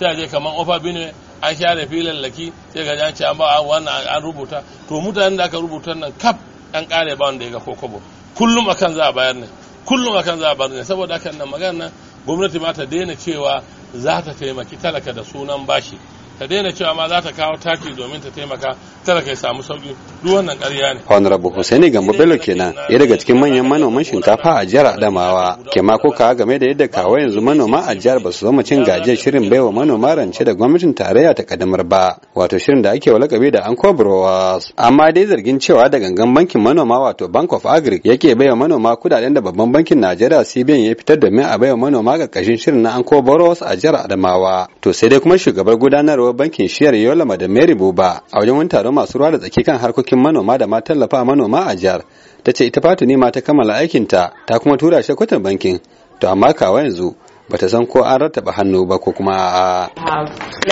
sai a je kamar ofa bine an share filin laki sai ga an ce an ba wannan an rubuta to mutanen da aka rubuta nan kaf an kare ba wanda ya ga kokobo kullum akan za a bayar ne kullum akan za a bayar ne saboda hakan nan magana gwamnati ma ta daina cewa za ta taimaki talaka da sunan bashi ta daina cewa ma za ta kawo taki domin ta taimaka talaka ya samu sauki ruwan nan ƙarya ne. Honorable Hussaini Gambo Bello kenan ya daga cikin manyan manoman shinkafa a jihar Adamawa ke ma kuka game da yadda kawo yanzu manoma a jihar ba su zama cin gajiyar shirin baiwa manoma rance da gwamnatin tarayya ta kadamar ba wato shirin da ake walakabi da Anko Brewers amma dai zargin cewa da gangan bankin manoma wato Bank of agri yake baiwa manoma kudaden da babban bankin Najeriya CBN ya fitar domin a baiwa manoma karkashin shirin na Anko Brewers a jihar Adamawa to sai dai kuma shugabar gudanarwar bankin shiyar Yola da Mary Buba a wajen taron taron masu ruwa da tsaki kan harkokin manoma da ma tallafa manoma a jihar ta ce ita fatu ma ta kammala aikinta ta kuma tura shi kwatan bankin to amma kawa yanzu ba ta san ko an rattaba hannu ba ko kuma a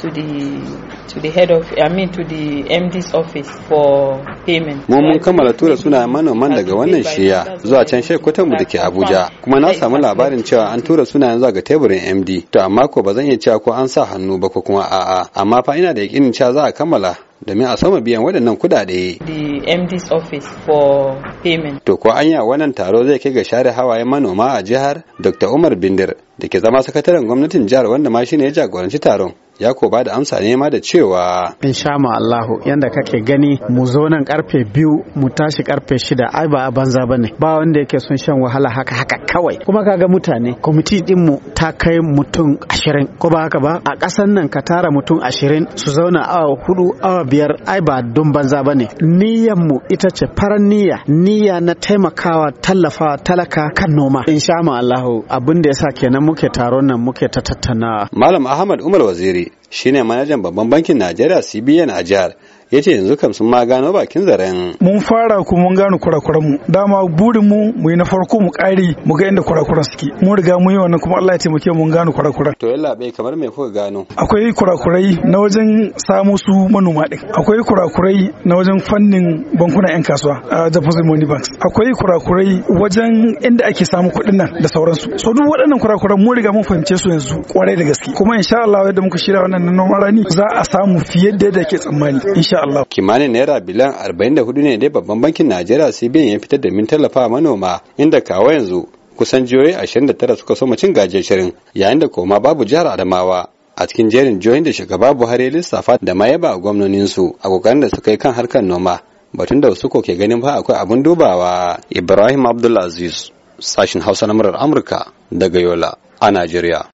to the to the head of I mean to the MD's office for payment. Mu mun kammala tura sunayen manoman daga wannan shiya zuwa can kwatan mu dake Abuja kuma na samu labarin cewa an tura sunayen zuwa ga teburin MD to amma ko ba zan iya cewa ko an sa hannu ba ko kuma a'a amma fa ina da yakinin cewa za a kammala domin a sama biyan waɗannan kuɗaɗe. The MD's office for payment. To ko anya wannan taro zai kai ga share hawaye manoma a jihar Dr. Umar Bindir da ke zama sakataren gwamnatin jihar wanda ma shine ya jagoranci taron. ya ko ba da amsa ne ma da cewa in sha ma Allahu yanda kake gani mu zo nan karfe biyu mu tashi karfe shida ai ba banza bane ba wanda yake son shan wahala haka haka kawai kuma kaga mutane kwamiti din mu ta kai mutum ashirin ko ba haka ba a kasan nan ka tara mutum ashirin su zauna awa hudu awa biyar ai ba don banza bane niyyar mu ita ce farar niyya niyya na taimakawa tallafawa talaka kan noma in sha ma Allahu abin da yasa kenan muke taron nan muke ta tattaunawa malam Ahmad Umar Waziri shine manajan babban bankin najeriya cbn a jihar yace ce yanzu kam sun ma gano bakin zaren. Mun fara kuma mun gano kurakuran mu dama burin mu mu yi na farko mu kare mu ga inda kurakuran suke mun riga mun yi wannan kuma Allah ya taimake mun gano kurakuran. To yalla bai kamar me kuka gano? Akwai kurakurai na wajen samu su manoma din. Akwai kurakurai na wajen fannin bankunan 'yan kasuwa a deposit money banks. Akwai kurakurai wajen inda ake samu kuɗin nan da sauransu. So duk waɗannan kurakuran mun riga mun fahimce su yanzu kwarai da gaske. Kuma insha Allah yadda muka shirya wannan noman rani za a samu fiye da yadda ake tsammani. Insha kimanin Allah kimanin naira da hudu ne dai babban bankin Najeriya CBN ya fitar da min tallafa manoma inda kawo yanzu kusan jihohi tara suka soma cin gaje shirin yayin da koma babu jihar Adamawa a cikin jerin jihohin da shugaba Buhari ya lissafa da ma yaba gwamnonin su a kokarin da suka yi kan harkar noma batun da wasu ke ganin ba akwai abin dubawa Ibrahim Abdulaziz sashin Hausa na murar Amurka daga Yola a Najeriya